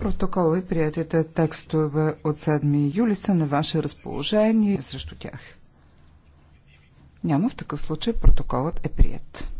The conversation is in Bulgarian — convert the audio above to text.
Протоколът и приятите текстове от 7 юли са на ваше разположение срещу тях. Няма в такъв случай протоколът е прият.